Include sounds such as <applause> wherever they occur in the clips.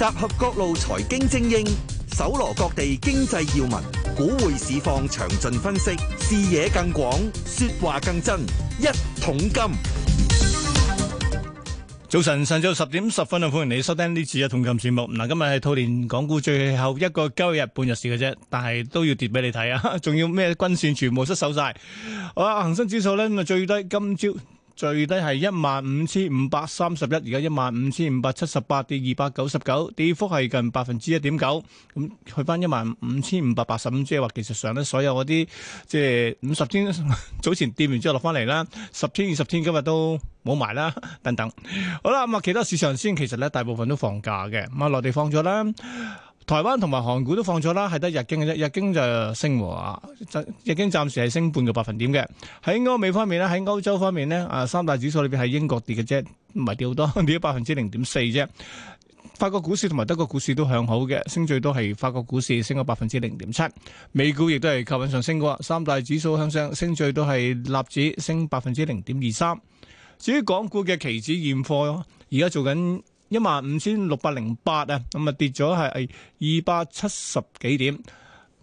集合各路財經精英，蒐羅各地經濟要聞，股匯市況詳盡分析，視野更廣，說話更真。一桶金。早晨，上晝十點十分啊，歡迎你收聽呢次嘅一桶金節目。嗱，今日係兔年港股最後一個交易日半日市嘅啫，但係都要跌俾你睇啊，仲要咩均線全部失守晒。好啦，恒生指數咧咁啊，最低今朝。最低係一萬五千五百三十一，而家一萬五千五百七十八跌二百九十九，跌幅係近百分之一點九。咁去翻一萬五千五百八十五，即係話技術上咧，所有嗰啲即係五十天早前跌完之後落翻嚟啦，十天二十天今日都冇埋啦，等等。好啦，咁啊，其他市場先，其實咧大部分都放假嘅，咁啊，內地放咗啦。台灣同埋韓股都放咗啦，係得日經嘅啫，日經就升啊，日經暫時係升半個百分點嘅。喺歐美方面呢，喺歐洲方面呢，啊三大指數裏邊係英國跌嘅啫，唔係跌好多，跌咗百分之零點四啫。法國股市同埋德國股市都向好嘅，升最多係法國股市升咗百分之零點七。美股亦都係靠穩上升嘅，三大指數向上，升最多係納指升百分之零點二三。至於港股嘅期指現貨咯，而家做緊。一萬五千六百零八啊，咁啊跌咗係二百七十幾點，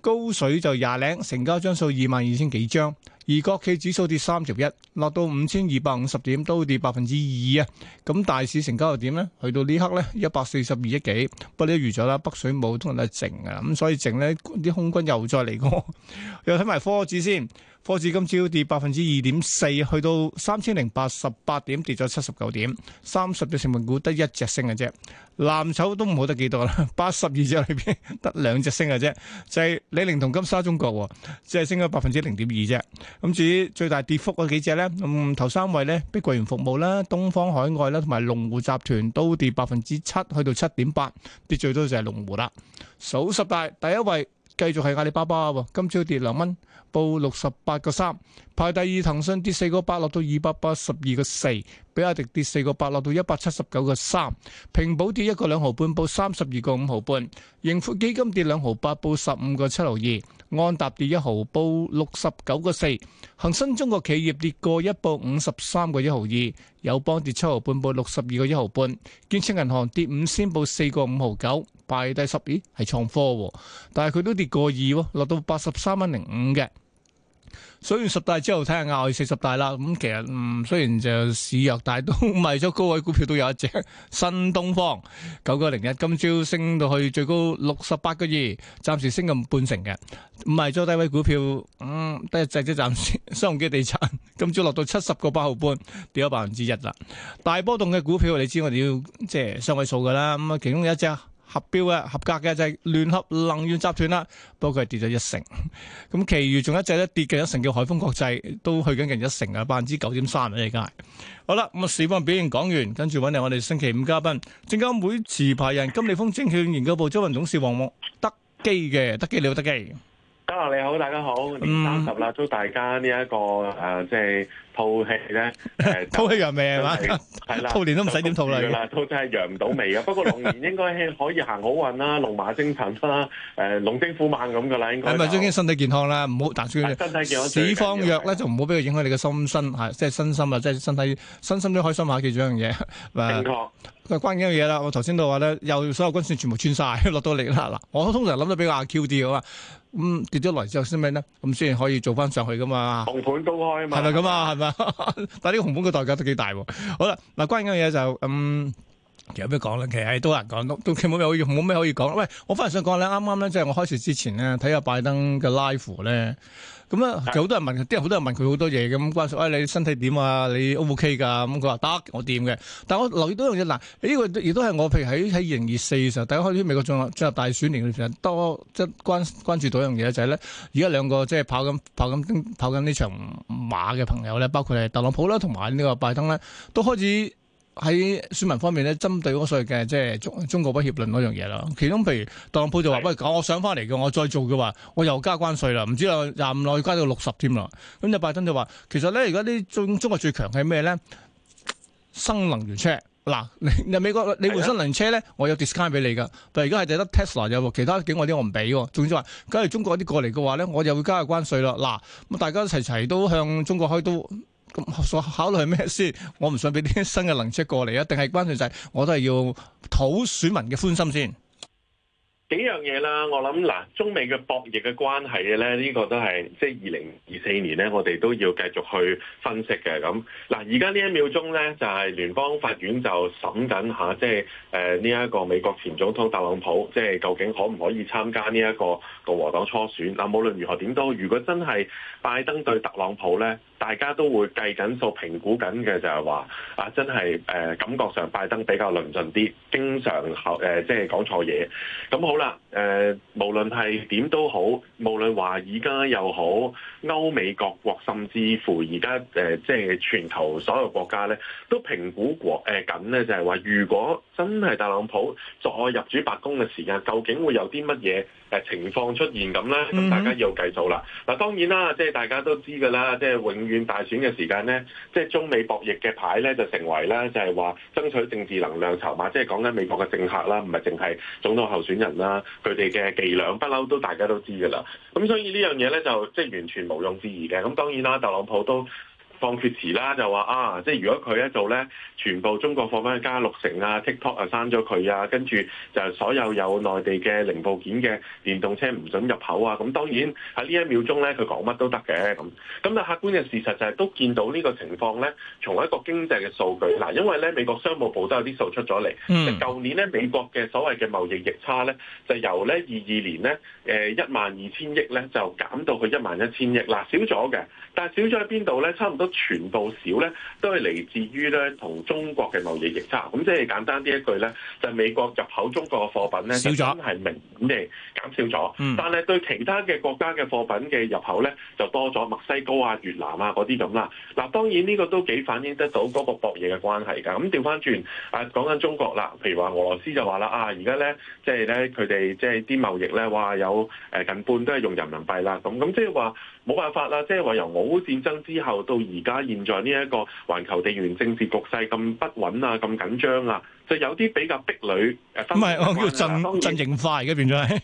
高水就廿零，成交張數二萬二千幾張，而國企指數跌三十一落到五千二百五十點，都會跌百分之二啊，咁大市成交又點呢？去到呢刻呢，一百四十二億幾，不過呢預咗啦，北水冇，通常都係靜噶啦，咁所以靜呢啲空軍又再嚟過， <laughs> 又睇埋科指先。股市今朝跌百分之二點四，去到三千零八十八點，跌咗七十九點。三十隻成分股得一隻升嘅啫，藍籌都唔好得幾多啦，八十二隻裏邊得兩隻升嘅啫。就係、是、李寧同金沙中國，只係升咗百分之零點二啫。咁至於最大跌幅嗰幾隻咧、嗯，頭三位咧，碧桂園服務啦、東方海外啦同埋龍湖集團都跌百分之七，去到七點八，跌最多就係龍湖啦。數十大第一位。繼續係阿里巴巴喎，今朝跌兩蚊，報六十八個三。排第二，騰訊跌四個八，落到二百八十二個四；比亞迪跌四個八，落到一百七十九個三；平保跌一個兩毫半，報三十二個五毫半；盈富基金跌兩毫八，報十五個七毫二；安踏跌一毫，報六十九個四；恒生中國企業跌過一，報五十三個一毫二；友邦跌七毫半，報六十二個一毫半；建設銀行跌五仙，報四個五毫九；排第十二係創科，但係佢都跌過二，落到八十三蚊零五嘅。數完十大之後睇下啱四十大啦，咁、嗯、其實嗯雖然就市弱，但係都賣咗高位股票都有一隻新東方九九零一，01，今朝升到去最高六十八個二，暫時升咁半成嘅。唔係咗低位股票，嗯，一暫得一隻暫時商龍嘅地產，今朝落到七十個八毫半，跌咗百分之一啦。大波動嘅股票你知我哋要即係雙位數噶啦，咁、嗯、啊其中有一隻。合標嘅、啊、合格嘅就係聯合能源集團啦、啊，不過佢係跌咗一成。咁， <laughs> 其餘仲有一隻咧跌嘅一成叫海豐國際，都去緊近一成啊，百分之九點三啊，而家。好啦，咁啊，市況表現講完，跟住揾嚟我哋星期五嘉賓，證監會持牌人金利豐證券研究部執行董事黃木德基嘅，德基,德基你好，德基，嘉樂你好，大家好，年三十啦，嗯、祝大家呢、這、一個誒即係。呃就是吐氣咧，吐氣揚眉係嘛，係啦，兔年都唔使點套啦，兔真係揚唔到眉啊。不， <laughs> 不過龍年應該可以行好運啦，龍馬精神、呃、龍精神啦，誒，龍精虎猛咁噶啦，應該。咁咪、啊？最緊要身體健康啦，唔好但最緊要身體健康。脂肪藥咧就唔好俾佢影響你嘅心身吓，即係身心啊，即係身體身心都開心下，記住一樣嘢。啊、正確，關鍵一樣嘢啦，我頭先都話咧，又所有均線全部穿晒落到嚟啦，嗱，我通常諗得比較阿 Q 啲啊嘛，咁跌咗落嚟之後先咩呢？咁先可以做翻上去噶嘛。盤都開啊嘛。係咪咁啊？係咪？ <laughs> 但係呢個紅本嘅代價都幾大，啊，好啦，嗱，關於呢樣嘢就是，嗯，有咩講咧？其實都難講，都冇咩可冇咩可以講。喂，我反嚟想講咧，啱啱咧，即、就、係、是、我開始之前咧，睇下拜登嘅 live 咧。咁咧，好、嗯、多人問，啲人好多人問佢好多嘢，咁關心，餵、嗯哎、你身體點啊？你 O 唔 OK 㗎、啊？咁佢話得，我掂嘅。但係我留意到一樣嘢，嗱，呢、哎、個亦都係我譬如喺喺二零二四嘅時候，大家開始美國進入進入大選年嘅時候，多即係關關注到一樣嘢就係、是、咧，而家兩個即係跑緊跑緊跑緊呢場馬嘅朋友咧，包括係特朗普啦，同埋呢個拜登咧，都開始。喺選民方面咧，針對嗰所謂嘅即係中中國威脅論嗰樣嘢啦。其中譬如特朗普就話，的喂，我我想翻嚟嘅，我再做嘅話，我又加關稅啦。唔知啊廿五內加到六十添啦。咁、嗯、就拜登就話，其實咧，而家啲中中國最強係咩咧？新能源車嗱，美國你換新能源車咧，我有 discount 俾你噶。但係而家係得 Tesla 有，其他境外？我啲我唔俾。總之話，假如中國啲過嚟嘅話咧，我又會加個關稅啦。嗱，咁大家齊齊都向中國開刀。咁所考慮咩先？我唔想俾啲新嘅能車過嚟啊！一定係關鍵就係我都係要討選民嘅歡心先。幾樣嘢啦，我諗嗱，中美嘅博弈嘅關係咧，呢、這個都係即係二零二四年咧，我哋都要繼續去分析嘅咁。嗱，而家呢一秒鐘咧，就係、是、聯邦法院就審緊下、啊，即係誒呢一個美國前總統特朗普，即係究竟可唔可以參加呢一個共和黨初選？嗱、啊，無論如何點都，如果真係拜登對特朗普咧。大家都會計緊數、評估緊嘅就係話啊，真係誒、呃、感覺上拜登比較論盡啲，經常後誒即係講錯嘢。咁好啦，誒、呃、無論係點都好，無論華爾街又好、歐美各國，國，甚至乎而家誒即係全球所有國家咧，都評估過誒緊咧，就係話如果真係特朗普再入主白宮嘅時間，究竟會有啲乜嘢誒情況出現咁咧？咁大家要計數啦。嗱、mm hmm. 當然啦，即係大家都知㗎啦，即係永。遠大選嘅時間咧，即係中美博弈嘅牌咧，就成為咧就係話爭取政治能量籌碼，即係講緊美國嘅政客啦，唔係淨係總統候選人啦，佢哋嘅伎倆不嬲都大家都知噶啦，咁所以呢樣嘢咧就即係完全毋庸置疑嘅，咁當然啦，特朗普都。放血池啦，就話啊，即係如果佢喺度咧，全部中國貨返去加六成啊，TikTok 啊刪咗佢啊，跟住就，、啊、就所有有內地嘅零部件嘅電動車唔准入口啊，咁當然喺呢一秒鐘咧，佢講乜都得嘅咁。咁、啊、但客觀嘅事實就係、是、都見到呢個情況咧，從一個經濟嘅數據嗱、啊，因為咧美國商務部都有啲數出咗嚟，即舊、嗯、年咧美國嘅所謂嘅貿易逆差咧，就由咧二二年咧誒一萬二千億咧就減到去一萬一千億，嗱、啊、少咗嘅，但係少咗喺邊度咧？差唔多。全部少咧，都係嚟自於咧同中國嘅貿易逆差。咁即係簡單啲一句咧，就係美國入口中國嘅貨品咧，少咗，真係明顯地減少咗。嗯、但係對其他嘅國家嘅貨品嘅入口咧，就多咗墨西哥啊、越南啊嗰啲咁啦。嗱，當然呢個都幾反映得到嗰個博弈嘅關係㗎。咁調翻轉啊，講緊中國啦，譬如話俄羅斯就話啦，啊而家咧，即係咧佢哋即係啲貿易咧話有誒近半都係用人民幣啦。咁咁即係話。就係冇辦法啦，即係話由俄烏戰爭之後到而家現在呢一個環球地緣政治局勢咁不穩啊，咁緊張啊，就有啲比較壁壘誒。唔、呃、係、啊，我叫陣陣營化而家變咗係。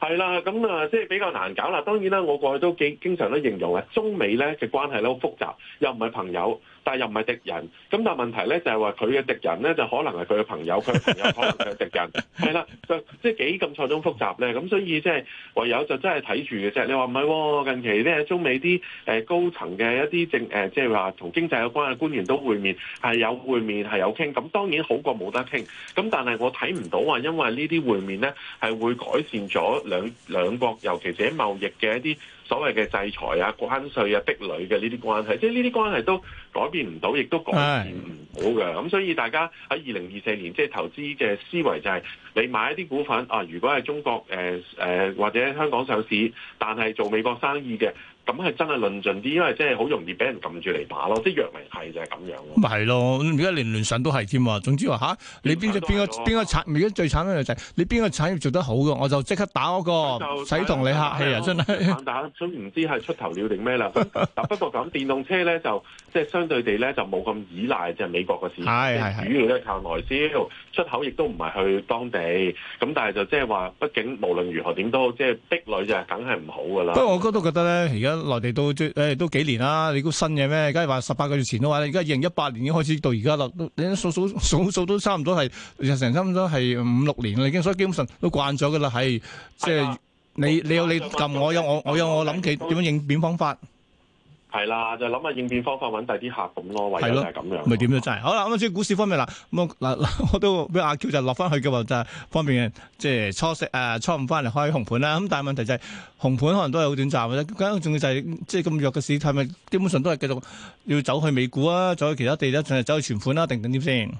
係啦然，咁 <laughs> 啊，即係、就是、比較難搞啦。當然啦，我過去都經經常都形容嘅，中美咧嘅關係咧好複雜，又唔係朋友。但又唔係敵人，咁但係問題咧就係話佢嘅敵人咧就可能係佢嘅朋友，佢嘅朋友可能係敵人，係啦， <laughs> 就即係幾咁錯綜複雜咧，咁所以即係唯有就真係睇住嘅啫。你話唔係喎？近期咧中美啲誒、呃、高層嘅一啲政誒，即係話同經濟有關嘅官員都會面，係有會面係有傾。咁、嗯、當然好過冇得傾，咁但係我睇唔到話，因為呢啲會面咧係會改善咗兩兩國，尤其喺貿易嘅一啲。所謂嘅制裁啊、關稅啊、壁壘嘅呢啲關係，即係呢啲關係都改變唔到，亦都改善唔到嘅。咁所以大家喺二零二四年，即係投資嘅思維就係你買一啲股份啊，如果係中國誒誒、呃呃、或者香港上市，但係做美國生意嘅。咁係真係論盡啲，因為真係好容易俾人撳住嚟打咯。啲藥明係就係咁樣。咁係咯，而 <noise> 家連聯想都係添。總之話嚇、啊，你邊個邊個邊個產？而家最慘嘅就係你邊個產業做得好嘅，我就即刻打嗰個，就使同你客氣啊！真係萬達都唔知係出頭鳥定咩啦。 <laughs> 不過講電動車咧就。即係相對地咧，就冇咁依賴即係美國個市場，主要都靠內銷，出口亦都唔係去當地。咁但係就即係話，畢竟無論如何點都即係逼女就梗係唔好噶啦。不過我都覺得咧，而家內地到誒都幾年啦，你估新嘅咩？梗係話十八個月前嘅話，而家二零一八年已經開始到而家啦，數數數數都差唔多係成差唔多係五六年啦，已經，所以基本上都慣咗噶啦，係即係你你有你撳，我有我我有我諗佢點樣應變方法。係啦，就諗、是、下應變方法，揾第啲客咁咯。係咯，咪點都真係。好啦，咁啊，先股市方面啦。咁嗱嗱，我都阿 Q 就落翻去嘅話，就是、方便嘅，即係初食啊、呃，初五翻嚟開紅盤啦。咁但係問題就係紅盤可能都係好短暫嘅啫。咁樣仲要就係即係咁弱嘅市，係咪基本上都係繼續要走去美股啊，走去其他地咧，仲係走去存款啦，定定啲先。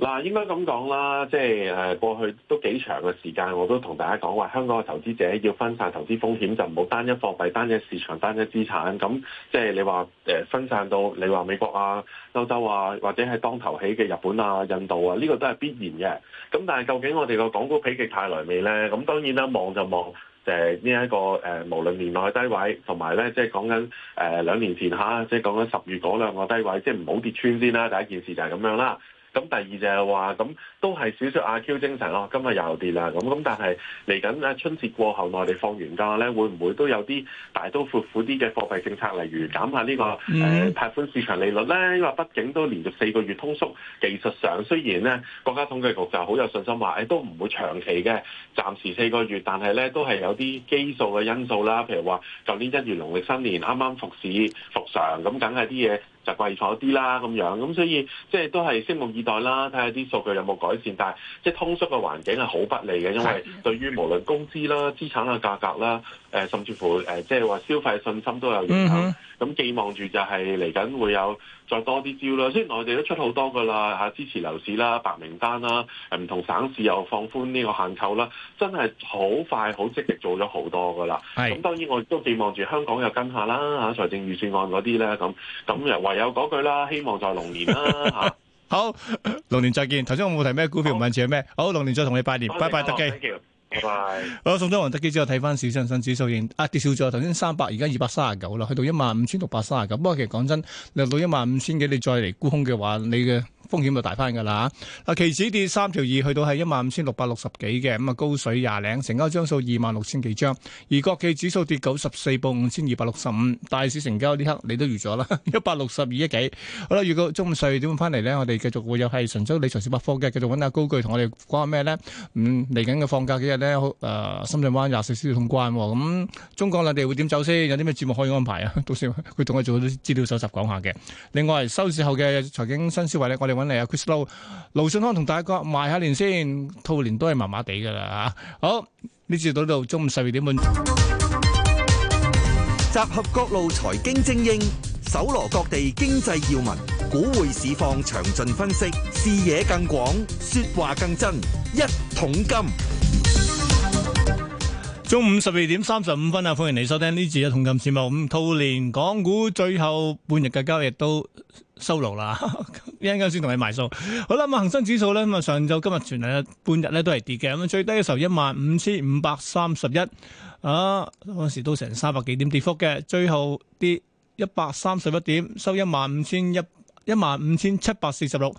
嗱，應該咁講啦，即係誒過去都幾長嘅時間，我都同大家講話，香港嘅投資者要分散投資風險，就唔好單一貨幣、單一市場、單一資產。咁即係你話誒分散到你話美國啊、歐洲啊，或者係當頭起嘅日本啊、印度啊，呢個都係必然嘅。咁但係究竟我哋個港股疲極太來未咧？咁當然啦，望就望誒呢一個誒無論年內低位同埋咧，即係講緊誒兩年前嚇，即係講緊十月嗰兩個低位，即係唔好跌穿先啦。第一件事就係咁樣啦。咁第二就係話，咁都係少少阿 Q 精神咯、哦，今日又跌啦。咁咁，但係嚟緊啊，春節過後內地放完假咧，會唔會都有啲大刀闊斧啲嘅貨幣政策，例如減下呢、這個誒貸款市場利率咧？因為畢竟都連續四個月通縮，技術上雖然咧，國家統計局就好有信心話，誒、哎、都唔會長期嘅，暫時四個月，但係咧都係有啲基數嘅因素啦。譬如話，舊年一月農曆新年啱啱復市復常，咁梗係啲嘢就貴咗啲啦，咁樣。咁，所以即係都係拭目以待啦，睇下啲數據有冇改善。但係即係通縮嘅環境係好不利嘅，因為對於無論工資啦、資產嘅價格啦，誒甚至乎誒即係話消費信心都有影響。咁寄望住就係嚟緊會有。再多啲招啦，即係內地都出好多㗎喇吓，支持樓市啦、白名單啦，誒唔同省市又放寬呢個限購啦，真係好快好積極做咗好多㗎喇。咁是當然我亦都寄望住香港又跟下啦嚇，財政預算案嗰啲咧，咁咁又唯有嗰句啦，希望在龍年啦，吓。好，龍年再見。頭先我冇提咩股票，唔問住咩？好，龍年再同你拜年，多謝，拜拜，多謝。Bye bye. 好啦，送咗宏德基之後睇翻市上新指數型，啊，跌少咗，頭先三百，而家二百三十九啦，去到一萬五千六百三十九。不過其實講真，落到一萬五千幾，你再嚟沽空嘅話，你嘅。風險就大翻㗎啦嚇！嗱，期指跌三條二，去到係一萬五千六百六十幾嘅，咁啊高水廿零，成交張數二萬六千幾張。而國企指數跌九十四，報五千二百六十五。大市成交呢刻你都預咗啦，一百六十二億幾。好啦，預告中午四點翻嚟呢，我哋繼續會有係神州理財小百科嘅，繼續揾阿高句同我哋講下咩呢？咁嚟緊嘅放假幾日咧？誒、呃，深圳灣廿四小時通關喎。咁、哦嗯、中國兩地會點走先？有啲咩節目可以安排啊？到時佢同我做啲資料搜集講下嘅。另外收市後嘅財經新思維呢，我哋。搵嚟啊，Chris Lau，盧俊康同大家賣下年先，兔年都係麻麻地噶啦吓。好，呢次到呢度，中午十二點半，集合各路財經精英，搜羅各地經濟要聞，股匯市況詳盡分析，視野更廣，說話更真，一桶金。中午十二點三十五分啊！歡迎你收聽呢節嘅《一桶金》。咁，兔年港股最後半日嘅交易都收爐啦，一陣間先同你埋數。好啦，咁啊，恒生指數咧，咁啊，上晝今日全日半日咧都係跌嘅。咁啊，最低嘅時候一萬五千五百三十一，啊，嗰陣時都成三百幾點跌幅嘅。最後跌一百三十一點，收一萬五千一，一萬五千七百四十六，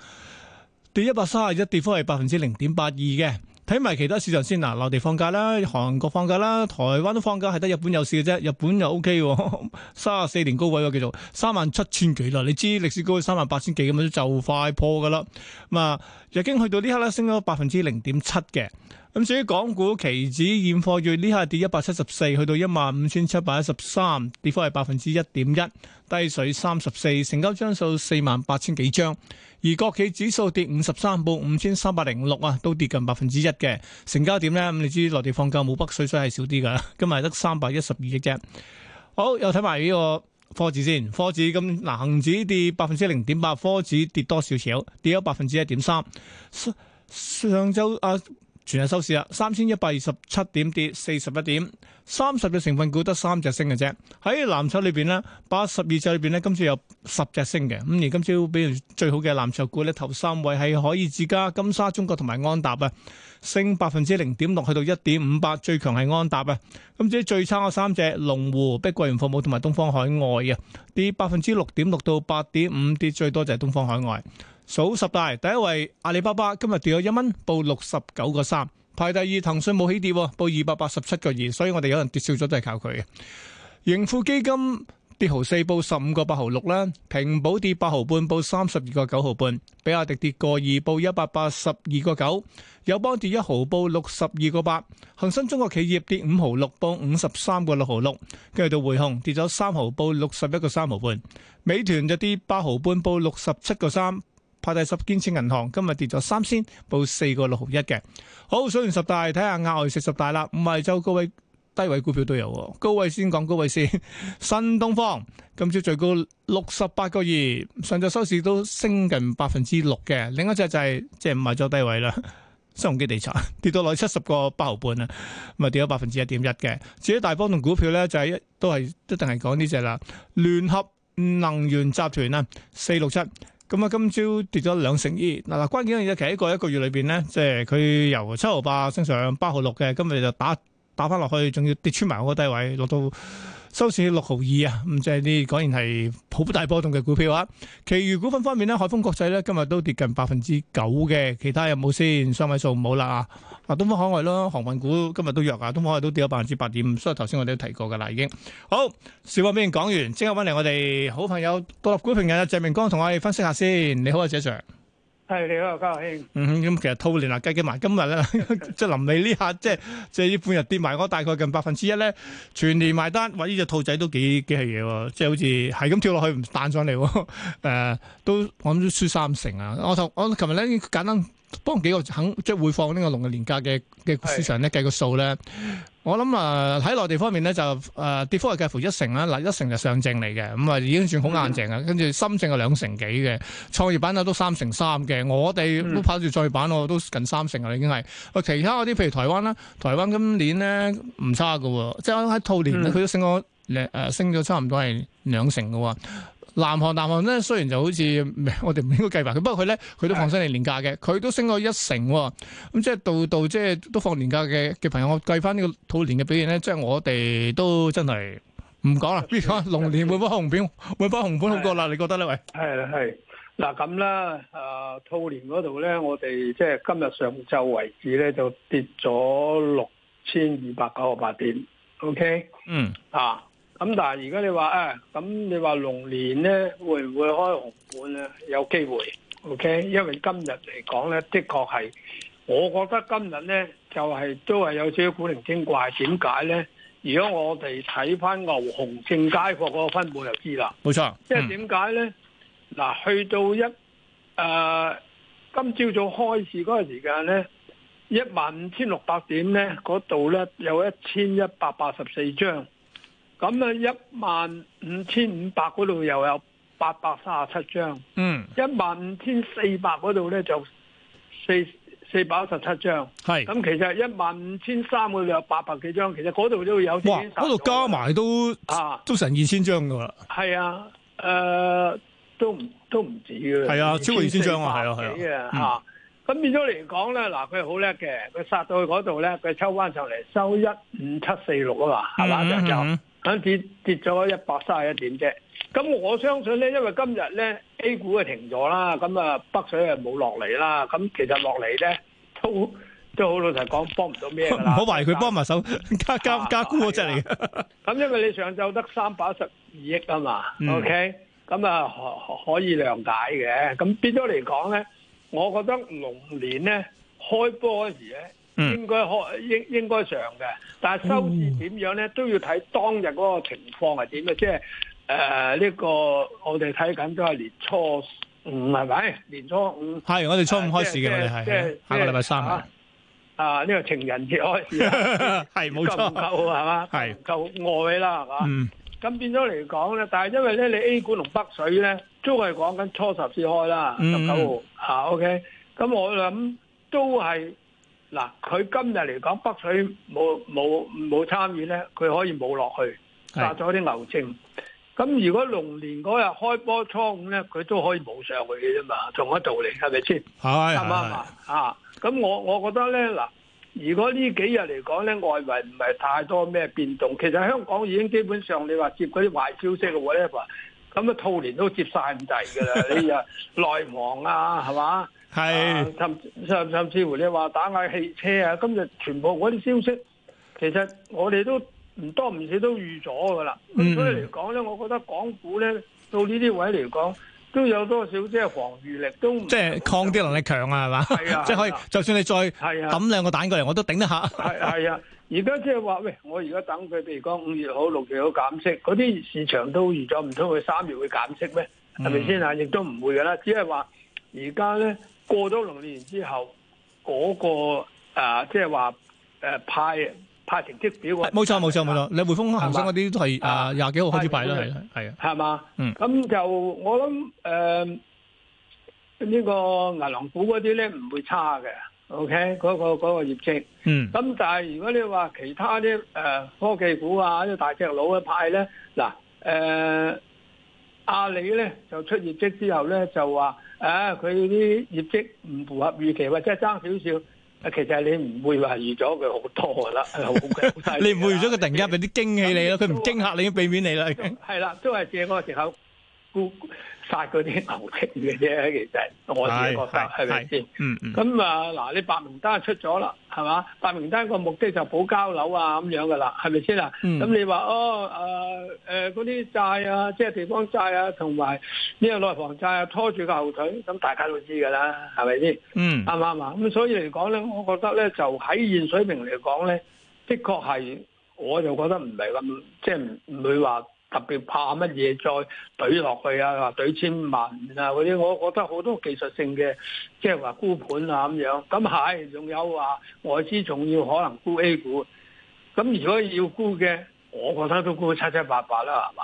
跌一百三十一，跌幅係百分之零點八二嘅。睇埋其他市場先嗱，內地放假啦，韓國放假啦，台灣都放假，係得日本有事嘅啫。日本又 O K 喎，三十四年高位喎，啊，繼續三萬七千幾啦。你知歷史高位三萬八千幾咁樣，就快破噶啦。咁啊，日經去到呢刻咧，升咗百分之零點七嘅。咁至於港股期指現貨月呢，下跌一百七十四，去到一萬五千七百一十三，跌幅係百分之一點一，低水三十四，成交張數四萬八千幾張。而國企指數跌五十三報五千三百零六啊，都跌近百分之一嘅成交點呢，咁你知內地放假冇北水，所以係少啲㗎。今日得三百一十二億啫。好，又睇埋呢個科指先，科指咁，嗱，恆指跌百分之零點八，科指跌多少少？跌咗百分之一點三。上上週啊～全日收市啊，三千一百二十七點跌四十一點，三十隻成分股得三隻升嘅啫。喺藍籌裏邊呢，八十二隻裏邊呢，今次有十隻升嘅。咁而今朝比如最好嘅藍籌股呢，頭三位係海爾智家、金沙中國同埋安踏啊，升百分之零點六，去到一點五八。最強係安踏啊，咁即係最差嘅三隻，龍湖、碧桂園服務同埋東方海外啊，跌百分之六點六到八點五，跌最多就係東方海外。數十大第一位，阿里巴巴今日跌咗一蚊，報六十九個三。排第二，騰訊冇起跌，報二百八十七個二。所以我哋有人跌少咗都係靠佢。盈富基金跌毫四，報十五個八毫六啦。平保跌八毫半，報三十二個九毫半。比亞迪跌個二，報一百八十二個九。友邦跌一毫，報六十二個八。恒生中國企業跌五毫六，5, 報五十三個六毫六。跟住到匯控跌咗三毫，報六十一個三毫半。美團就跌八毫半，報六十七個三。派第十銀，建設銀行今日跌咗三仙，報四個六毫一嘅。好，數完十大，睇下額外食十大啦，唔係就高位低位股票都有。高位先講高位先，新東方今朝最高六十八個二，上晝收市都升近百分之六嘅。另一隻就係即係唔係咗低位啦，新鴻基地產 <laughs> 跌到落七十個八毫半啊，咪跌咗百分之一點一嘅。至於大方同股票咧，就係、是、一都係一定係講呢隻啦，聯合能源集團啊，四六七。咁啊，今朝跌咗兩成二。嗱嗱，關鍵嘅嘢就係喺個一個月裏邊咧，即係佢由七號八升上八號六嘅，今日就打打翻落去，仲要跌穿埋嗰個低位，落到。收市六毫二啊，咁即係呢果然係好大波動嘅股票啊！其餘股份方面咧，海豐國際咧今日都跌近百分之九嘅，其他有冇先？雙位數唔好啦啊！東方海外咯，航運股今日都弱啊，東方海外都跌咗百分之八點五，所以頭先我哋都提過噶啦，已經好。小方面講完，即刻揾嚟我哋好朋友獨立股評人謝明光同我哋分析下先。你好啊，謝 sir。係，你好，嗯，嘉樂兄。嗯，咁其實兔年啊，計計埋今日咧， <laughs> <laughs> 即係臨尾呢下，即係即係呢半日跌埋，我大概近百分之一咧，全年埋單，揾呢隻兔仔都幾幾係嘢喎，即係好似係咁跳落去唔彈上嚟喎、呃。都我諗都輸三成啊！我同我琴日咧簡單幫幾個肯即係會放呢個農曆年假嘅嘅市場咧計個數咧。我諗啊，喺內地方面咧就誒跌幅係介乎一成啦，嗱一成就上證嚟嘅，咁啊已經算好硬淨嘅。跟住深證係兩成幾嘅，創業板都三成三嘅。我哋都跑住創業板，我都近三成啦，已經係。其他嗰啲譬如台灣啦，台灣今年咧唔差噶即係喺兔年佢都升咗誒、呃、升咗差唔多係兩成噶南韓南韓咧，雖然就好似我哋唔應該計埋佢，不過佢咧佢都放新年年假嘅，佢是的 都升過一成、哦、咁、嗯、即係到度，度即係都放年假嘅嘅朋友，我計翻呢個兔年嘅表現咧，即係我哋都真係唔講啦，邊講龍年會翻紅盤，會翻紅盤好過啦，的你覺得呢？喂？係啦係，嗱咁啦，啊兔年嗰度咧，我哋即係今日上晝為止咧，就跌咗六千二百九十八點，OK？嗯啊。咁但係而家你話啊，咁你話龍年咧，會唔會開紅盤咧？有機會，OK。因為今日嚟講咧，的確係，我覺得今日咧就係、是、都係有少少古靈精怪。點解咧？如果我哋睇返牛熊證街嗰個分佈就知啦。冇錯，嗯、即係點解咧？嗱，去到一誒、呃、今朝早開市嗰個時間咧，一萬五千六百點咧，嗰度咧有一千一百八十四張。咁啊，一萬五千五百嗰度又有八百三十七張。嗯，一萬五千四百嗰度咧就四四百一十七張。係咁是，其實一萬五千三嗰度有八百幾張，其實嗰度都有。哇，嗰度加埋都啊，都成二千張㗎喇。係啊，誒、呃、都唔都唔止嘅。係啊，超過，超過二千張啊，係啊，係啊。嚇、啊，咁、嗯、變咗嚟講咧，嗱佢好叻嘅，佢殺到去嗰度咧，佢抽翻上嚟收一五七四六啊嘛，係嘛、嗯嗯嗯，就就。咁跌跌咗一百三十一點啫，咁我相信咧，因為今日咧 A 股啊停咗啦，咁啊北水係冇落嚟啦，咁其實落嚟咧都都好老實講幫唔到咩㗎啦。唔好懷疑佢幫埋手加加加沽嗰隻嚟嘅。咁因為你上晝得三百一十二億啊嘛，OK，咁啊可可以諒解嘅。咁變咗嚟講咧，我覺得龍年咧開波嗰時咧。應該可應應該上嘅，但係收市點樣咧，都要睇當日嗰個情況係點嘅，即係誒呢個我哋睇緊都係年初五係咪？年初五係我哋初五開始嘅，即係下個禮拜三啊？啊呢個情人節開始係冇錯，夠係嘛？係夠愛啦係嘛？咁變咗嚟講咧，但係因為咧你 A 股同北水咧，都係講緊初十先開啦，十九號啊 OK，咁我諗都係。嗱，佢今日嚟講北水冇冇冇參與咧，佢可以冇落去，揸咗啲牛證。咁如果龍年嗰日開波倉咧，佢都可以冇上去嘅啫嘛，同一道理係咪先？啱唔啱啊？咁、嗯、我我覺得咧，嗱，如果呢幾日嚟講咧，外圍唔係太多咩變動，其實香港已經基本上你話接嗰啲壞消息嘅 whatever，咁啊兔年都接晒咁滯㗎啦，你內忙啊內行啊係嘛？ <laughs> 係，甚甚甚至乎你話打壓汽車啊，今日全部嗰啲消息，其實我哋都唔多唔少都預咗噶啦。所以嚟講咧，yo, 我覺得港股咧到呢啲位嚟講，都有多少即係防禦力都即係抗跌能力強 <laughs> <laughs> 啊，係嘛？係啊，即係可以，就算你再抌兩個蛋過嚟，我都頂得下。係係啊，而家即係話喂，我而家等佢，譬如講五月好、六月好減息，嗰啲市場都預咗，唔通佢三月會減息咩？係咪先啊？亦都唔會噶啦，只係話而家咧。im 過咗農曆年之後，嗰、那個誒，即係話誒派派成績表，冇錯冇錯冇錯，你匯豐恒生嗰啲都係誒廿幾號開始派啦，係啦係啊，係嘛，嗯，咁就我諗誒呢個銀行股嗰啲咧唔會差嘅，OK，嗰個嗰個業績，嗯，咁但係如果你話其他啲誒、呃、科技股啊，啲大隻佬嘅派咧，嗱誒阿里咧就出業績之後咧就話。啊啊啊啊啊啊！佢啲業績唔符合預期，或者爭少少，啊，其實你唔會話預咗佢好多噶啦，好你唔會預咗佢突然間俾啲驚喜你咯，佢唔 <laughs> 驚嚇你，避免你啦。係 <laughs> 啦，都係借我嘅時候顧。殺嗰啲牛動嘅啫，其實我自己覺得係咪先？嗯嗯。咁啊，嗱，你白名單出咗啦，係嘛？白名單個目的就保交樓啊咁樣嘅啦，係咪先啊？嗯。咁你話哦，誒誒嗰啲債啊，即係地方債啊，同埋呢個內房債啊，拖住個後腿，咁大家都知㗎啦，係咪先？嗯。啱唔啱啊？咁所以嚟講咧，我覺得咧，就喺現水平嚟講咧，的確係，我就覺得唔係咁，即係唔會話。特別怕乜嘢再懟落去啊，話懟千萬啊嗰啲，我覺得好多技術性嘅，即係話沽盤啊咁樣。咁係，仲有，話外資仲要可能沽 A 股。咁如果要沽嘅，我覺得都沽七七八八啦，係嘛？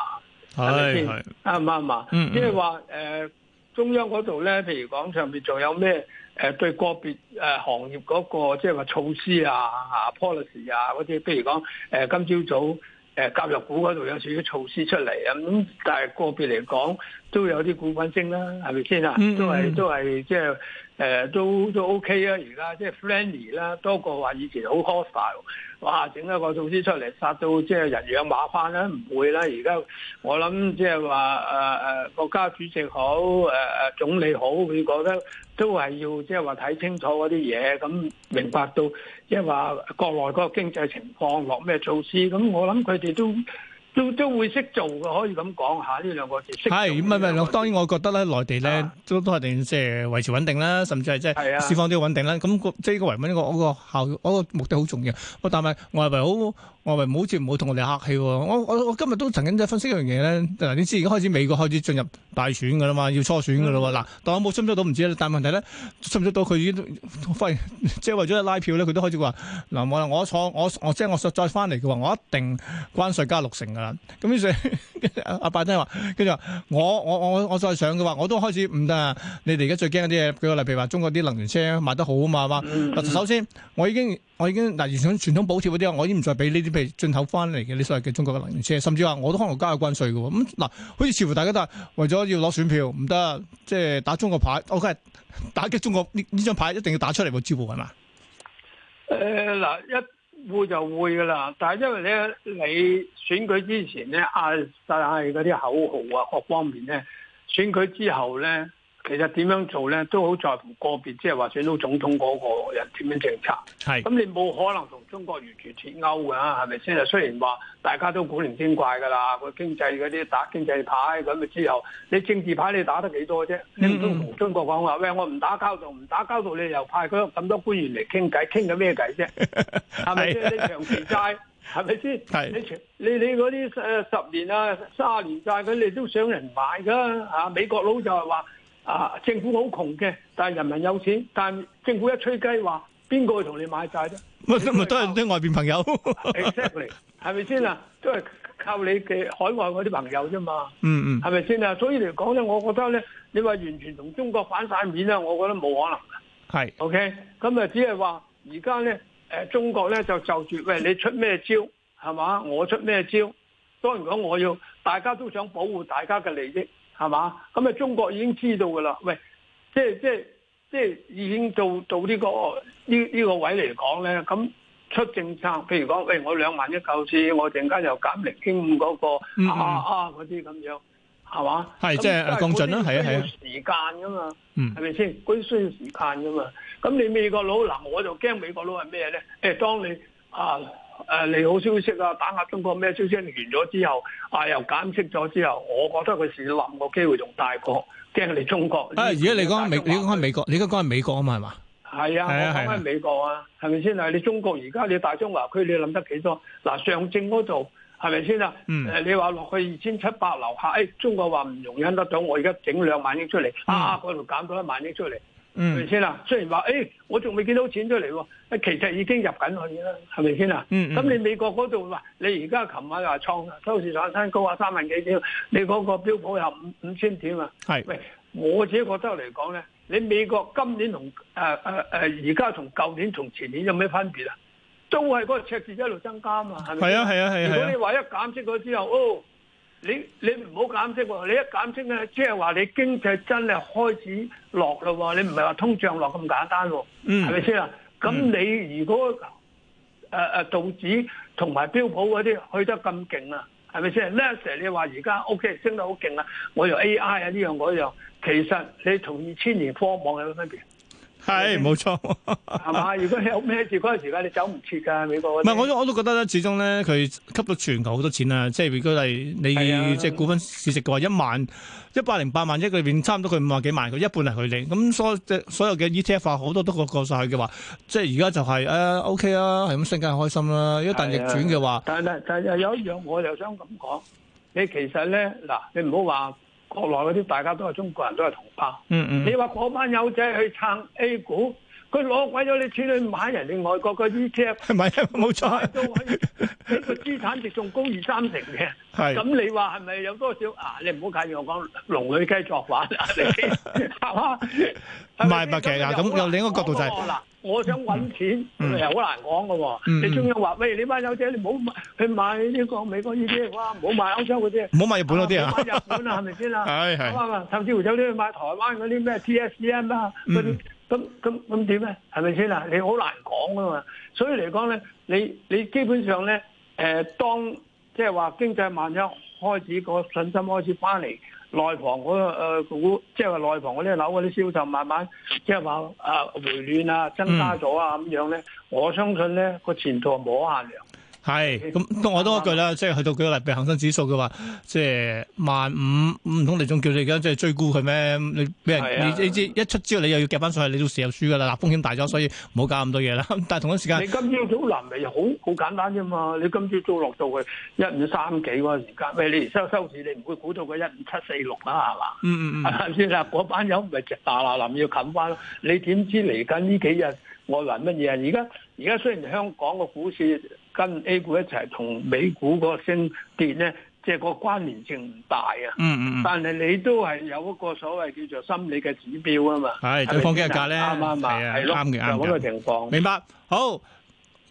係啱唔啱啊？即係話誒，中央嗰度咧，譬如講上邊仲有咩誒、呃，對個別誒、呃、行業嗰、嗰個即係話措施啊啊 policy 啊嗰啲，譬如講誒、呃，今朝早。誒，教育股嗰度有少少措施出嚟啊咁，但係個別嚟講都有啲股份升啦，係咪先啊？都係都係即係。誒、呃、都都 OK 啊！而家即係 friendly 啦，多過話以前好 hostile。哇！整一個措施出嚟，殺到即係人仰馬翻啦、啊，唔會啦。而家我諗即係話誒誒國家主席好誒誒、呃、總理好，佢覺得都係要即係話睇清楚嗰啲嘢，咁明白到即係話國內嗰個經濟情況落咩措施。咁我諗佢哋都。都都會識做嘅，可以咁講下呢兩個字。係唔係唔係？ <noise> <noise> 當然我覺得咧，內地咧、啊、都都係定即係維持穩定啦，甚至係即係釋放啲穩定啦。咁、嗰個即係呢個維穩呢個嗰個效嗰個目的好重要。我但係我係咪好？我咪唔好意思，唔好同我哋客氣喎！我我我今日都曾經都分析一樣嘢咧。嗱，你知而家開始美國開始進入大選嘅啦嘛，要初選嘅啦喎。嗱，特朗普出唔出到唔知，但係問題咧，出唔出到佢已經，反即係為咗拉票咧，佢都開始話：嗱、e 啊，我我坐我我即係我再翻嚟嘅話，我一定關稅加六成嘅啦。咁於是阿阿拜登話：跟住話我我我我再上嘅話，我都開始唔得啊！你哋而家最驚嗰啲嘢，舉個例譬如話，中國啲能源車賣得好啊嘛，係嘛？首先，我已經。我已經嗱，而想傳統補貼嗰啲，我已經唔再俾呢啲，譬如進口翻嚟嘅呢所謂嘅中國嘅能源車，甚至話我都可能加下關稅㗎。咁、嗯、嗱、啊，好似似乎大家都係為咗要攞選票，唔得，即、就、係、是、打中國牌，我梗係打擊中國呢呢張牌一定要打出嚟個招呼係嘛？誒嗱、呃，一會就會㗎啦，但係因為咧，你選舉之前咧啊，但係嗰啲口號啊，各方面咧，選舉之後咧。其實點樣做咧，都好在乎個別，即係話，選到總統嗰個人點樣政策。係咁是，你冇可能同中國完全脫鈎噶，係咪先？雖然話大家都古靈精怪噶啦，個經濟嗰啲，打經濟牌咁啊之後，你政治牌你打得幾多啫？嗯嗯，你都同中國講話喂，我唔打交道，唔打交道，你又派咁多官員嚟傾偈，傾緊咩計啫？係咪先？你長期債，係咪先？你你你嗰啲誒十年啊三十年債，佢哋都想人買噶吓、啊。美國佬就係、是、話。啊！政府好窮嘅，但係人民有錢，但係政府一吹雞話，邊個去同你買曬啫？唔咪，都係啲外邊朋友 Exactly 嚟，係咪先啊？都係靠你嘅海外嗰啲朋友啫嘛。嗯嗯，係咪先啊？所以嚟講咧，我覺得咧，你話完全同中國反晒面咧，我覺得冇可能。係是 OK，咁啊，只係話而家咧，誒、呃、中國咧就就住喂你出咩招係嘛？我出咩招？當然講我要大家都想保護大家嘅利益。係嘛？咁啊，中國已經知道噶啦。喂，即係即係即係已經做到呢、呢個呢呢、呢個呢個位嚟講咧，咁出政策，譬如講，喂、哎，我兩萬一舊次，我陣間又減零點五嗰個、嗯、啊啊嗰啲咁樣，係、啊、嘛？係、啊、是吧即係降準啦，係係、就是。時間噶嘛，係咪先？嗰啲需要時間噶嘛。咁你美國佬嗱、啊，我就驚美國佬係咩咧？誒，當你啊～啊誒，利、呃、好消息啊！打壓中國咩消息、啊、完咗之後，啊又減息咗之後，我覺得佢市冧個機會仲大過驚你中國。啊，而家你講你講開美國，你而家講係美國啊嘛，係嘛？係啊，啊啊我講開美國啊，係咪先啊？你中國而家你大中華區你諗得幾多？嗱、啊，上證嗰度係咪先啊？誒，嗯、你話落去二千七百樓下，誒、哎，中國話唔容忍得到，我而家整兩萬億出嚟，嗯、啊嗰度減到一萬億出嚟。嗯，明唔明先啦？雖然話，誒、欸，我仲未見到錢出嚟喎，其實已經入緊去啦，係咪先啦？嗯咁你美國嗰度話，你而家琴晚又話創收市創新高啊，三萬幾點？你嗰個標普又五五千點啊？係是。喂，我自己覺得嚟講咧，你美國今年同誒誒誒，而家同舊年同前年有咩分別啊？都係嗰個赤字一路增加嘛，是是啊？係咪？係啊係啊係啊！啊啊如果你話一減息咗之後，哦。你你唔好減息喎，你一減息咧，即係話你經濟真係開始落咯喎，你唔係話通脹落咁簡單喎，係咪先啊？咁你如果誒誒、呃、道指同埋標普嗰啲去得咁勁、嗯 OK，啊，係咪先？呢一時你話而家屋企升得好勁啊，我用 AI 啊呢樣嗰樣，其實你同二千年科網有乜分別？係冇錯，係嘛？吧 <laughs> 如果你有咩事嗰陣、那個、時咧，你走唔切噶，美國嗰啲，唔係，我都我都覺得咧，始終咧佢吸到全球好多錢啦。即係如果係你、啊、即係股份市值嘅話，一萬一百零八萬一個，變差唔多佢五萬幾萬，佢一半係佢哋。咁所即所有嘅 E T F 化，好多都過過晒嘅話，即係而家就係誒 O K 啊，係、okay、咁、啊、升緊開心啦、啊。一旦逆轉嘅話，啊、但係但係有一樣，我就想咁講，你其實咧嗱，你唔好話。國內嗰啲大家都係中國人，都係同胞，嗯嗯，你話嗰班友仔去撐 A 股？佢攞鬼咗你錢去買人哋外國個 ETF，係咪啊？冇錯，都可以喺個資產值仲高二三成嘅。係咁，你話係咪有多少啊？你唔好介意我講龍女雞作飯啦，你係嘛？唔係唔係，其實咁有另一個角度就係嗱，我想揾錢又好難講嘅喎。你中央話喂，你班友仔你唔好去買呢個美國呢啲，哇唔好買歐洲嗰啲，唔好買日本嗰啲啊，日本啊係咪先啊？係係。甚至乎走去買台灣嗰啲咩 TSM 啊啲。咁咁咁點咧？係咪先啊？你好難講啊嘛。所以嚟講咧，你你基本上咧，誒、呃、當即係話經濟萬一開始個信心開始翻嚟，內房嗰個股，即係話內房嗰啲樓嗰啲銷售慢慢即係話啊回暖啊增加咗啊咁樣咧，我相信咧個前途無可限量。係，咁同我多一句啦，即係去到舉個例，譬如，恒生指數嘅話，即係萬五唔通你仲叫你而家即係追沽佢咩？你俾人你，你知一出之後你又要夾翻上去，你到時又輸噶啦，風險大咗，所以唔好搞咁多嘢啦。但係同一時間，你今朝早臨嚟好好簡單啫嘛，你今朝早落到去一五三幾喎時間，喂，你收收市你唔會估到佢一五七四六啦，係嘛？嗯嗯嗯，係咪先啦？嗰班友唔係直打打臨要冚翻，你點知嚟緊呢幾日外圍乜嘢啊？而家而家雖然香港個股市，跟 A 股一齊同美股個升跌咧，即係個關聯性唔大啊。嗯嗯，但係你都係有一個所謂叫做心理嘅指標啊嘛。係再放幾日假咧，啱啱啊，係咯，啱嘅，啱嘅。就咁嘅情況。明白，好，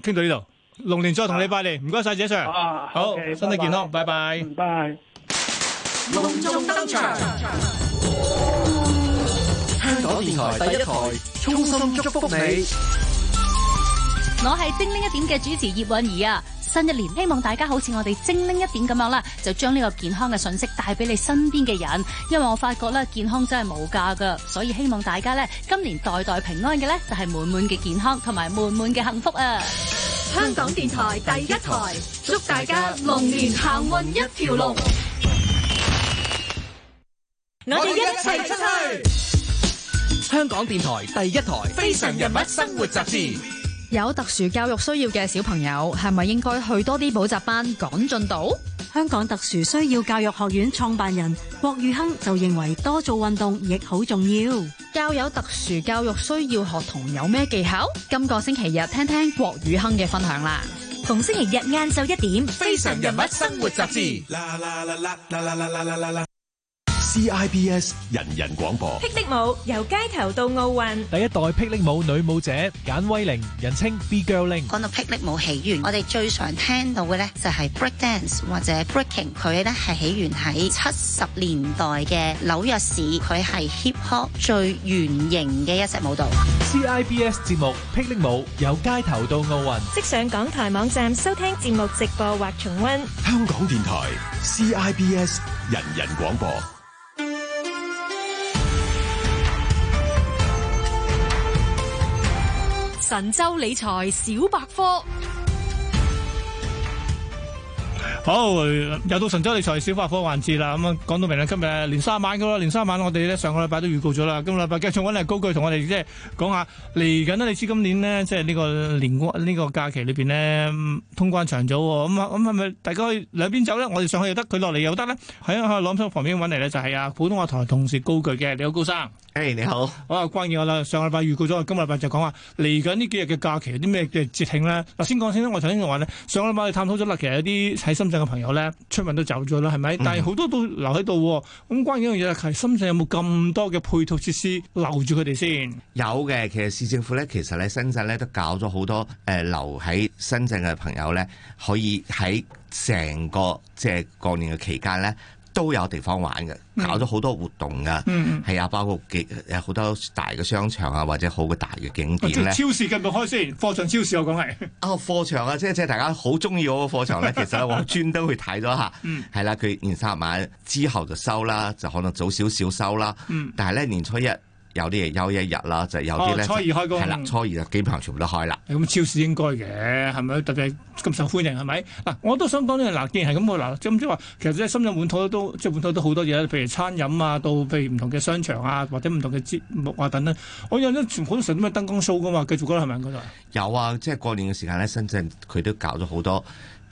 傾到呢度，龍年再同你拜年，唔該晒，謝 Sir。啊，好，身體健康，拜拜。香港電台，第一台，衷心祝福你。我係精靈一點嘅主持葉韻儀啊！新一年，希望大家好似我哋精靈一點咁樣啦，就將呢個健康嘅信息帶俾你身邊嘅人，因為我發覺咧，健康真係無價噶，所以希望大家咧，今年代代平安嘅咧就係滿滿嘅健康同埋滿滿嘅幸福啊！香港電台第一台，祝大家龍年行運一條龍。我哋一齊出去。香港電台第一台，非常人物生活雜誌。有特殊教育需要嘅小朋友，係咪應該去多啲補習班，趕進度？香港特殊需要教育學院創辦人，郭宇亨就認為多做運動亦好重要。教有特殊教育需要學童有咩技巧？今個星期日聽聽郭宇亨的分享啦！逢星期日晏晝一點，非常人物生活雜誌！CIBS 人人廣播霹靂舞，由街頭到奧運。第一代霹靂舞女舞者簡威玲，人稱 B Girl Ling。講到霹靂舞起源，我哋最常聽到嘅咧就係 Breakdance 或者 Breaking。佢咧係起源喺七十年代嘅紐約市，佢係 Hip Hop 最原形嘅一隻舞蹈。CIBS 節目霹靂舞由街頭到奧運，即上港台網站收聽節目直播或重温。香港電台 CIBS 人人廣播。神州理財小百科，好，又到神州理財小百科環節啦，咁啊講到明啦，今日年卅晚噶咯，年卅晚我哋咧上個禮拜都預告咗啦，今個禮拜繼續揾嚟高句同我哋即係講下嚟緊咧，你知今年呢，即係呢個年呢，這個這個假期裏邊呢，嗯，通關長咗咁啊，咁係咪大家去兩邊走咧？我哋上去又得，佢落嚟又得咧？喺、就是、啊，攞出旁邊揾嚟咧，就係啊普通話台同事高句嘅，你好高生。誒，hey，你好，關我係關嘅啦。上禮拜預告咗，今禮拜就講下嚟緊呢幾日嘅假期有啲咩嘅節慶咧？嗱，先講先啦。我頭先就話咧，上禮拜探討咗啦，其實有啲喺深圳嘅朋友咧，出門都走咗啦，係咪？但係好多都留喺度。咁、嗯、關鍵嘅嘢係深圳有冇咁多嘅配套設施留住佢哋先？有嘅，其實市政府咧，其實喺深圳咧都搞咗好多誒、呃，留喺深圳嘅朋友咧，可以喺成個即係過年嘅期間咧。都有地方玩嘅，搞咗好多活動噶，係啊、嗯，包括幾有好多大嘅商場啊，或者好嘅大嘅景點咧。啊、超市繼續開先，貨場超市我講係。啊、哦，貨場啊，即係即係大家好中意嗰個貨場咧。 <laughs> 其實我專登去睇咗下，係、嗯、啦，佢年三十晚之後就收啦，就可能早少少收啦。嗯，但係咧，年初一。有啲係休一日啦，就有啲咧，初二開工，係啦，初二基本上全部都開啦。咁超市應該嘅，係咪特別咁受歡迎？係咪嗱？我都想講咧，嗱、啊，既然係咁，我、啊、嗱，即唔知話，其實即係深圳本土都即係本土都好多嘢，譬如餐飲啊，到譬如唔同嘅商場啊，或者唔同嘅節目啊等等。我有咗全部都成啲咩燈光 show 噶嘛，繼續噶係咪度？是是有啊，即、就、係、是、過年嘅時間咧，深圳佢都搞咗好多。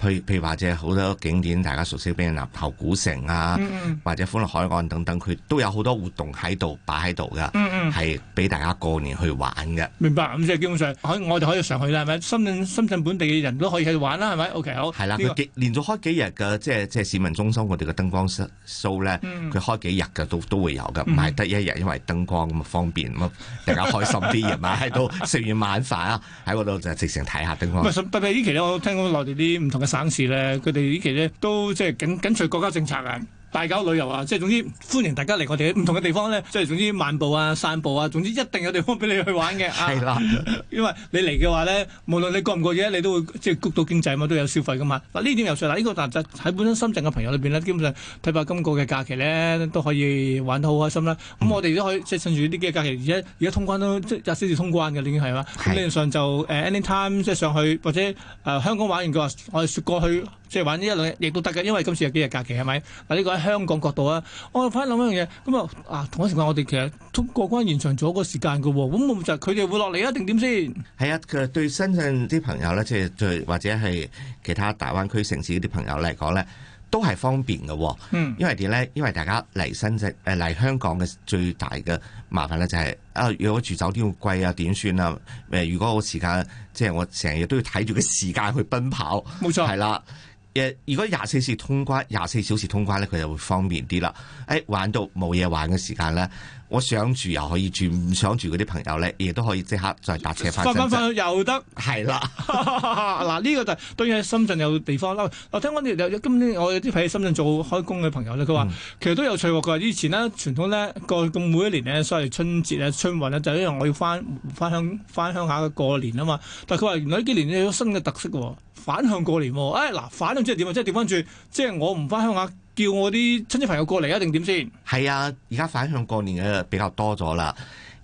譬如話，即係好多景點，大家熟悉，比如南頭古城啊，嗯嗯，或者歡樂海岸等等，佢都有好多活動喺度擺喺度噶，係俾、嗯嗯、大家過年去玩嘅。明白，咁即係基本上，我哋可以上去啦，係咪？深圳深圳本地嘅人都可以喺度玩啦，係咪？OK，好。係啦、啊，佢幾這個 連咗開幾日嘅，即係即係市民中心我哋嘅燈光 show 咧，佢、嗯嗯、開幾日嘅都都會有嘅，唔係得一日，因為燈光咁方便，咁大家開心啲，夜晚喺度食完晚飯啊，喺嗰度就直情睇下燈光。唔係，呢期咧，我聽講內地啲唔同嘅。省市咧，佢哋呢期咧都即係緊緊隨國家政策啊。大搞旅遊啊！即係總之歡迎大家嚟我哋唔同嘅地方咧，即係總之漫步啊、散步啊，總之一定有地方俾你去玩嘅。係啦，因為你嚟嘅話咧，無論你過唔過夜，你都會即係谷到經濟啊嘛，都有消費㗎嘛。嗱，呢點又算啦，呢個就就喺本身深圳嘅朋友裏邊咧，基本上睇怕今個嘅假期咧都可以玩得好開心啦。咁、嗯、我哋都可以即係趁住呢幾個假期，而家而家通關都即係有少少通關嘅，已經係啦。基本上就誒、呃、anytime 即係上去或者誒、呃、香港玩完嘅話，我哋説過去。即係玩呢一兩日亦都得嘅，因為今次有幾日假期係咪？嗱呢、呢個喺香港角度、嗯、啊，我反諗一樣嘢，咁啊啊同一時間，我哋其實通過關延長咗個時間嘅，咁就佢哋會落嚟一定點先？係啊，佢對深圳啲朋友咧，即係對或者係其他大灣區城市啲朋友嚟講咧，都係方便嘅。嗯，因為點咧？因為大家嚟深圳誒嚟香港嘅最大嘅麻煩咧，就係、是、啊，如果住酒店貴啊點算啊？誒，如果時間我時間即係我成日都要睇住個時間去奔跑，冇錯錯，係啦。誒，如果廿四小時通關，廿四小時通關咧，佢就會方便啲啦。誒，玩到冇嘢玩嘅時間咧。我想住又可以住，唔想住嗰啲朋友咧，亦都可以即刻再搭車翻深圳。翻返去又得，係啦。嗱呢個就當然喺深圳有地方啦。我聽我啲今年我有啲喺深圳做開工嘅朋友咧，佢話、嗯、其實都有趣喎。佢話以前咧傳統咧過咁每一年咧，所謂春節啊、春運啊，就係、因為我要翻翻鄉翻鄉下過年啊嘛。但係佢話原來呢幾年有新嘅特色喎，反向過年。哎嗱，反向即係點啊？即係調翻轉，即係我唔翻鄉下。叫我啲親戚朋友過嚟一定點先？係啊，而家反向過年嘅比較多咗啦。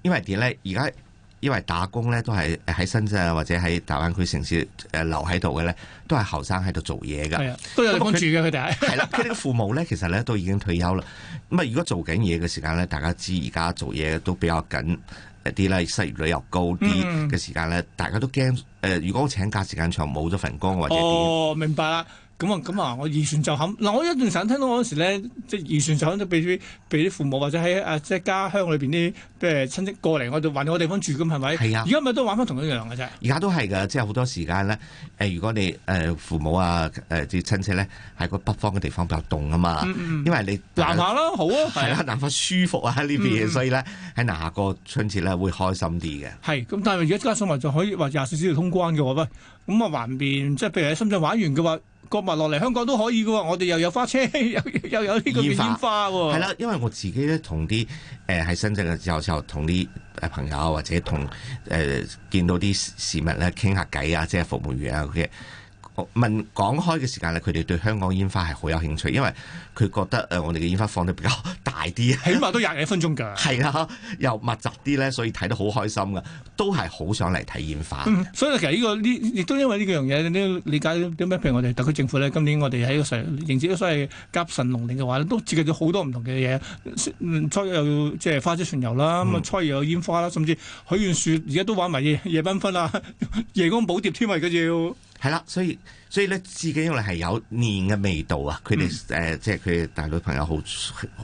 因為點咧？而家因為打工咧，都係喺深圳或者喺大灣區城市誒、呃、留喺度嘅咧，都係後生喺度做嘢嘅，都有幫住嘅佢哋。係啦、啊，佢哋嘅父母咧，其實咧都已經退休啦。咁啊，如果做緊嘢嘅時間咧，大家知而家做嘢都比較緊一啲咧，失業率又高啲嘅時間咧，嗯、大家都驚誒、呃。如果請假時間長，冇咗份工或者點？哦，明白啦。咁啊咁啊，我漁船就冚嗱，我一段時間聽到嗰陣時咧，即係漁船就冚都俾啲俾啲父母或者喺啊即係家鄉裏邊啲譬如親戚過嚟，我就揾個地方住咁，係咪？係啊！而家咪都玩翻同一樣嘅啫。而家都係嘅，即係好多時間咧。誒，如果你誒父母啊誒啲、呃、親戚咧，喺個北方嘅地方比較凍啊嘛，嗯嗯、因為你南下啦，好啊，係啊，南下舒服啊呢邊，邊嗯、所以咧喺南下個春節咧會開心啲嘅。係咁，但係如果加送埋就可以話廿四小時通關嘅話咧，咁啊，橫掂即係譬如喺深圳玩完嘅話。國民落嚟香港都可以嘅喎，我哋又有花車，有又，又有呢個煙花喎。係啦法，嗯、因為我自己咧同啲誒喺深圳嘅時候就同啲朋友或者同誒、呃、見到啲市民咧傾下偈啊，即係服務員啊嘅。問講開嘅時間咧，佢哋對香港煙花係好有興趣，因為佢覺得誒、呃，我哋嘅煙花放得比較大啲，起碼都廿幾分鐘噶，係啦， <laughs> 又密集啲咧，所以睇得好開心噶，都係好想嚟睇煙花。所以其實呢、這個呢，亦都因為呢幾樣嘢，你都理解點解，譬如我哋特區政府咧？今年我哋喺個城迎接咗所謂甲辰龍年嘅話都設計咗好多唔同嘅嘢。初一又即係花車巡遊啦，咁啊、嗯、初二有煙花啦，甚至許願樹，而家都玩埋夜夜繽紛啊，夜光寶碟添啊，佢要。係啦，所以所以咧自己用嚟係有年嘅味道啊！佢哋誒即係佢大女朋友好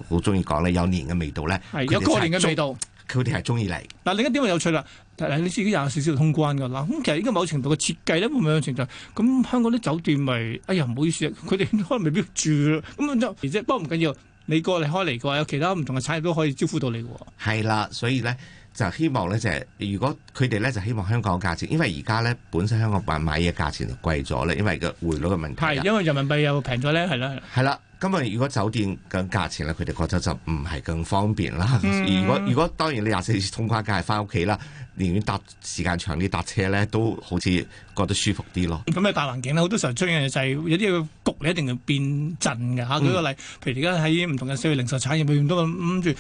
好中意講咧，有年嘅味道咧，是就是，有過年嘅味道，佢哋係中意嚟。嗱、啊、另一點咪有趣啦！嗱你自己廿四小時通關噶啦，咁、嗯、其實應該某程度嘅設計咧，會唔會有程度？咁香港啲酒店咪，就是，哎呀，唔好意思，佢哋可能未必住咁就而且不過唔緊要，你過嚟開嚟嘅話，有其他唔同嘅產業都可以招呼到你嘅喎。係啦，所以咧。就希望咧就係，如果佢哋咧就希望香港嘅價錢，因為而家咧本身香港買買嘢價錢就貴咗咧，因為個匯率嘅問題。係，因為人民幣又平咗咧，係啦。係啦。係啦。咁啊！今日如果酒店嘅價錢咧，佢哋覺得就唔係更方便啦。嗯、如果如果當然你廿四時通關梗係翻屋企啦，寧願搭時間長啲搭車咧，都好似覺得舒服啲咯。咁嘅大環境咧，好、嗯、多時候最緊嘢就係有啲焗你一定要變陣嘅嚇。舉個例，譬如而家喺唔同嘅小嘅零售產業，永遠都諗住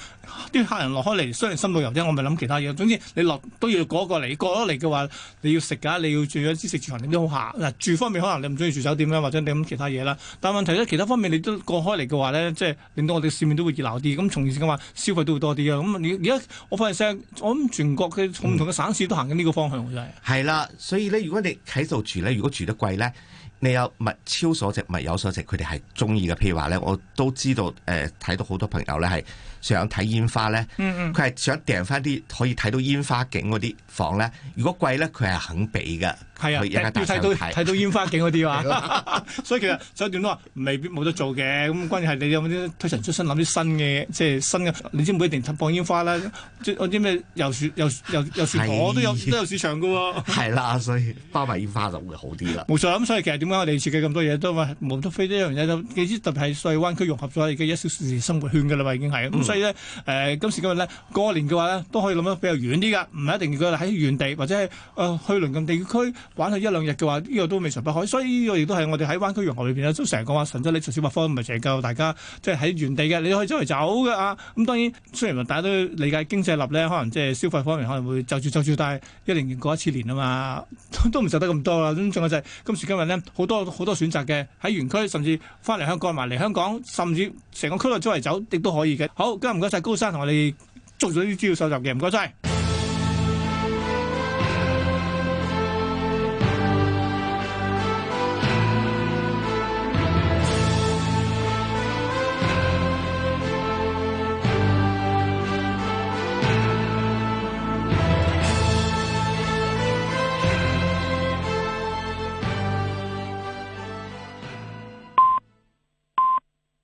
啲客人落開嚟，雖然深度遊啫，我咪諗其他嘢。總之你落都要過一過嚟，過一嚟嘅話，你要食㗎，你要住一啲食住環境都好客。嗱。住方面可能你唔中意住酒店啦，或者你諗其他嘢啦。但問題咧，其他方面你都過開嚟嘅話咧，即、就、係、是、令到我哋市面都會熱鬧啲，咁從而嘅話消費都會多啲啊。咁而而家我發現聲，我諗全國嘅從唔同嘅省市都行緊呢個方向，真係、嗯。係啦，所以咧，如果你喺度住咧，如果住得貴咧，你有物超所值、物有所值，佢哋係中意嘅。譬如話咧，我都知道，誒、呃，睇到好多朋友咧係。想睇煙花咧，佢係、嗯嗯、想訂翻啲可以睇到煙花景嗰啲房咧。如果貴咧，佢係肯俾嘅。係啊，要睇到睇到煙花景嗰啲 <laughs> 啊。所以其實所以點都話未必冇得做嘅。咁關鍵係你有冇啲推陳出新，諗啲新嘅，即係新嘅。你知唔知一定睇放煙花啦？即係啲咩又又又，遊遊我都有都有市場嘅喎。係啦，所以包埋煙花就會好啲啦。冇錯，咁所以其實點解我哋設計咁多嘢都冇得飛呢樣嘢都？你特別係大灣區融合咗而家一小時生活圈嘅啦嘛，已經係所以咧、呃，今時今日咧，過年嘅話咧，都可以諗得比較遠啲噶，唔係一定要喺喺原地或者係誒、呃、去鄰近地區玩去一兩日嘅話，呢、這個都未嘗不可。所以呢個亦都係我哋喺灣區洋河裏邊咧，都成日講話神州你做小百科，唔係成日教大家即係喺原地嘅，你可以周圍走嘅啊。咁、嗯、當然雖然話大家都理解經濟力咧，可能即係消費方面可能會就住就住但係一年過一次年啊嘛，都唔受得咁多啦。咁、嗯、仲有就係今時今日咧，好多好多選擇嘅喺園區，甚至返嚟香港埋嚟香港，甚至成個區內周圍走亦都可以嘅。好。今日唔該晒高山同我哋捉咗啲資料收集嘅，唔該晒。